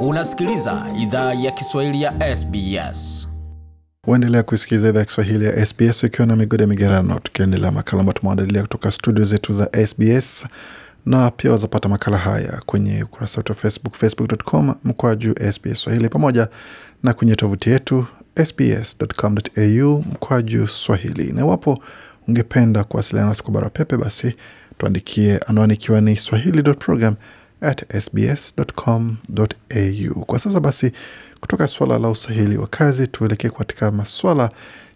Unasikiliza idhaa ya Kiswahili ya SBS. Waendelea kusikiliza idhaa ya Kiswahili ya SBS ukiwa na migode migerano, tukiendelea makala ambayo tumeandalia kutoka studio zetu za SBS na pia wazapata makala haya kwenye ukurasa wetu wa Facebook, facebook.com mkwaju SBS Swahili, pamoja na kwenye tovuti yetu sbs.com.au mkwaju Swahili. Na iwapo ungependa kuwasiliana nasi kwa barua pepe, basi tuandikie, anwani ikiwa ni swahili.program at sbs.com.au. Kwa sasa basi, kutoka swala la usahili wa kazi tuelekee katika maswala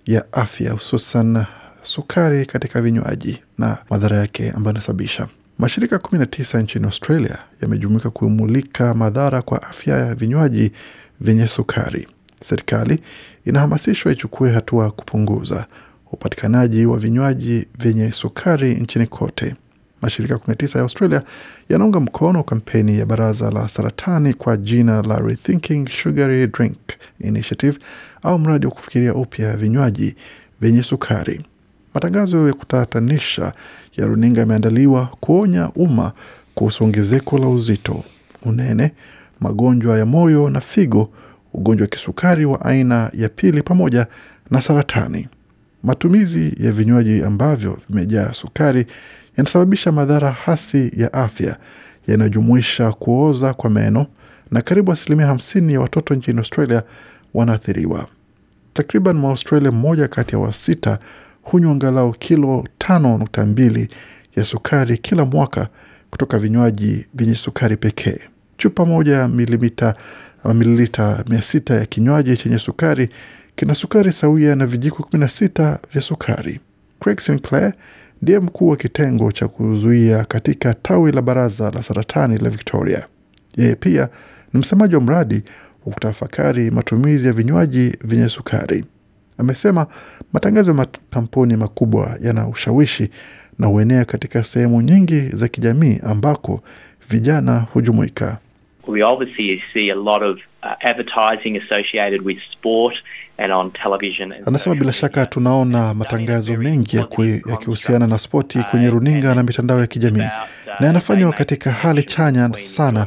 ya afya, hususan sukari katika vinywaji na madhara yake ambayo inasababisha. Mashirika 19 nchini Australia yamejumuika kumulika madhara kwa afya ya vinywaji vyenye sukari. Serikali inahamasishwa ichukue hatua kupunguza upatikanaji wa vinywaji vyenye sukari nchini kote. Mashirika 19 ya Australia yanaunga mkono kampeni ya baraza la saratani kwa jina la Rethinking Sugary Drink Initiative au mradi wa kufikiria upya vinywaji vyenye sukari. Matangazo ya kutatanisha ya runinga yameandaliwa kuonya umma kuhusu ongezeko la uzito, unene, magonjwa ya moyo na figo, ugonjwa wa kisukari wa aina ya pili pamoja na saratani. Matumizi ya vinywaji ambavyo vimejaa sukari yanasababisha madhara hasi ya afya yanayojumuisha kuoza kwa meno na karibu asilimia hamsini ya watoto nchini Australia wanaathiriwa. Takriban waustralia mmoja kati ya wasita hunywa angalau kilo 5.2 ya sukari kila mwaka kutoka vinywaji vyenye sukari pekee. Chupa moja milimita mililita 600 ya kinywaji chenye sukari kina sukari sawia na vijiko 16 vya sukari. Craig Sinclair ndiye mkuu wa kitengo cha kuzuia katika tawi la baraza la saratani la Victoria. Yeye pia ni msemaji wa mradi wa kutafakari matumizi ya vinywaji vyenye sukari. Amesema matangazo ya makampuni makubwa yana ushawishi na huenea katika sehemu nyingi za kijamii ambako vijana hujumuika. We obviously see a lot of Uh, Anasema bila shaka tunaona matangazo mengi yakihusiana na spoti kwenye uh, runinga na mitandao ya kijamii, uh, na yanafanywa katika hali chanya sana.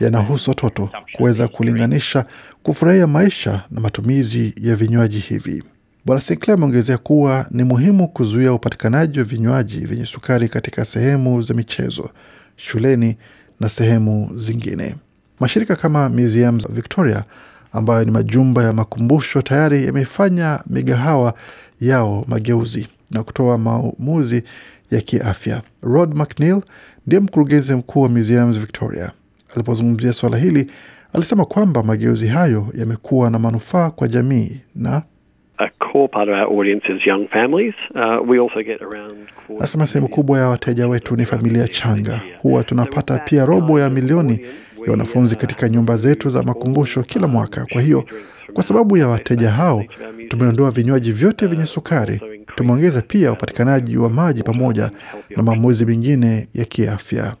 Yanahusu watoto kuweza kulinganisha, kufurahia maisha na matumizi ya vinywaji hivi. Bwana Sinclair ameongezea kuwa ni muhimu kuzuia upatikanaji wa vinywaji vyenye sukari katika sehemu za michezo, shuleni na sehemu zingine. Mashirika kama Museums Victoria ambayo ni majumba ya makumbusho tayari yamefanya migahawa yao mageuzi na kutoa maamuzi ya kiafya. Rod McNeil ndiye mkurugenzi mkuu wa Museums Victoria. Alipozungumzia suala hili, alisema kwamba mageuzi hayo yamekuwa na manufaa kwa jamii na uh, Nasema sehemu kubwa ya wateja wetu ni familia changa. Huwa tunapata pia robo ya milioni ya wanafunzi katika nyumba zetu za makumbusho kila mwaka. Kwa hiyo, kwa sababu ya wateja hao, tumeondoa vinywaji vyote vyenye sukari. Tumeongeza pia upatikanaji wa maji pamoja na maamuzi mengine ya kiafya.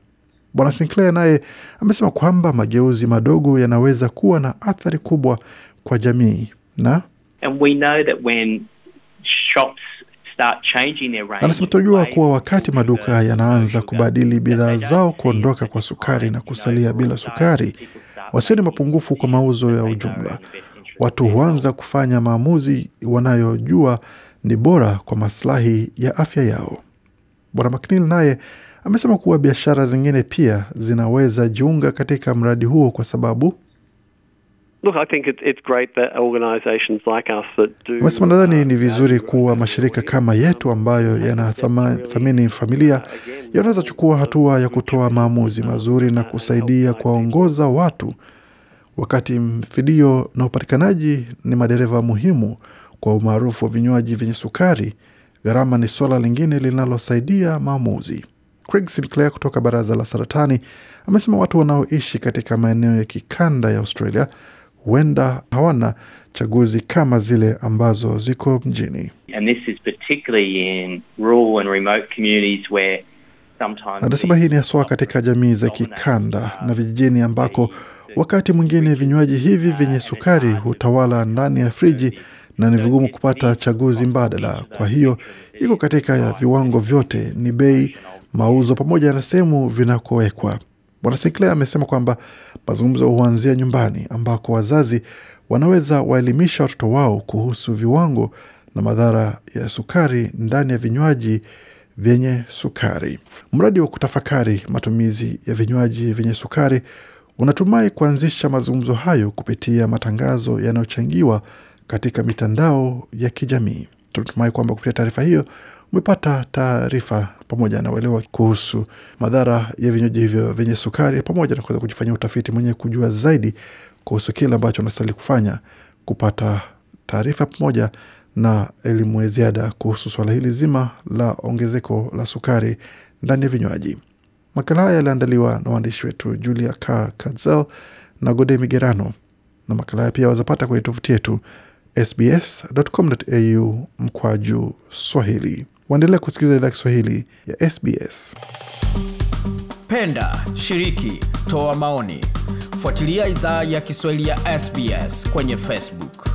Bwana Sinclair naye amesema kwamba mageuzi madogo yanaweza kuwa na athari kubwa kwa jamii na And we know that when shops Anasema kuwa wakati maduka yanaanza kubadili bidhaa zao kuondoka kwa sukari na kusalia bila sukari, ni mapungufu kwa mauzo ya ujumla. Watu huanza kufanya maamuzi wanayojua ni bora kwa maslahi ya afya yao. Bwana McNeil naye amesema kuwa biashara zingine pia zinaweza jiunga katika mradi huo kwa sababu Look, I think it, it's great that organizations like us that do. Umesema nadhani uh, ni vizuri kuwa mashirika kama yetu ambayo yanathamini familia yanaweza chukua hatua ya kutoa maamuzi mazuri na uh, kusaidia kuwaongoza watu, wakati mfidio na upatikanaji ni madereva muhimu kwa umaarufu wa vinywaji vyenye sukari. Gharama ni suala lingine linalosaidia maamuzi. Craig Sinclair kutoka Baraza la Saratani amesema watu wanaoishi katika maeneo ya kikanda ya Australia huenda hawana chaguzi kama zile ambazo ziko mjini. Anasema hii ni haswa katika jamii za kikanda na vijijini ambako wakati mwingine vinywaji hivi vyenye sukari hutawala ndani ya friji na ni vigumu kupata chaguzi mbadala. Kwa hiyo iko katika viwango vyote, ni bei, mauzo, pamoja na sehemu vinakowekwa. Bwana Sinclair amesema kwamba mazungumzo huanzia nyumbani ambako wazazi wanaweza waelimisha watoto wao kuhusu viwango na madhara ya sukari ndani ya vinywaji vyenye sukari. Mradi wa kutafakari matumizi ya vinywaji vyenye sukari unatumai kuanzisha mazungumzo hayo kupitia matangazo yanayochangiwa katika mitandao ya kijamii. Tunatumai kwamba kupitia taarifa hiyo umepata taarifa pamoja na uelewa kuhusu madhara ya vinywaji hivyo vyenye sukari, pamoja na kuweza kujifanyia utafiti mwenyewe kujua zaidi kuhusu kile ambacho unastahili kufanya, kupata taarifa pamoja na elimu ya ziada kuhusu swala hili zima la ongezeko la sukari ndani ya vinywaji. Makala haya yaliandaliwa na waandishi wetu Julia K Kazel na Gode Migerano, na makala haya pia wazapata kwenye tovuti yetu sbs.com.au mkwaju Swahili. Waendelea kusikiliza idhaa Kiswahili ya SBS. Penda, shiriki, toa maoni, fuatilia idhaa ya Kiswahili ya SBS kwenye Facebook.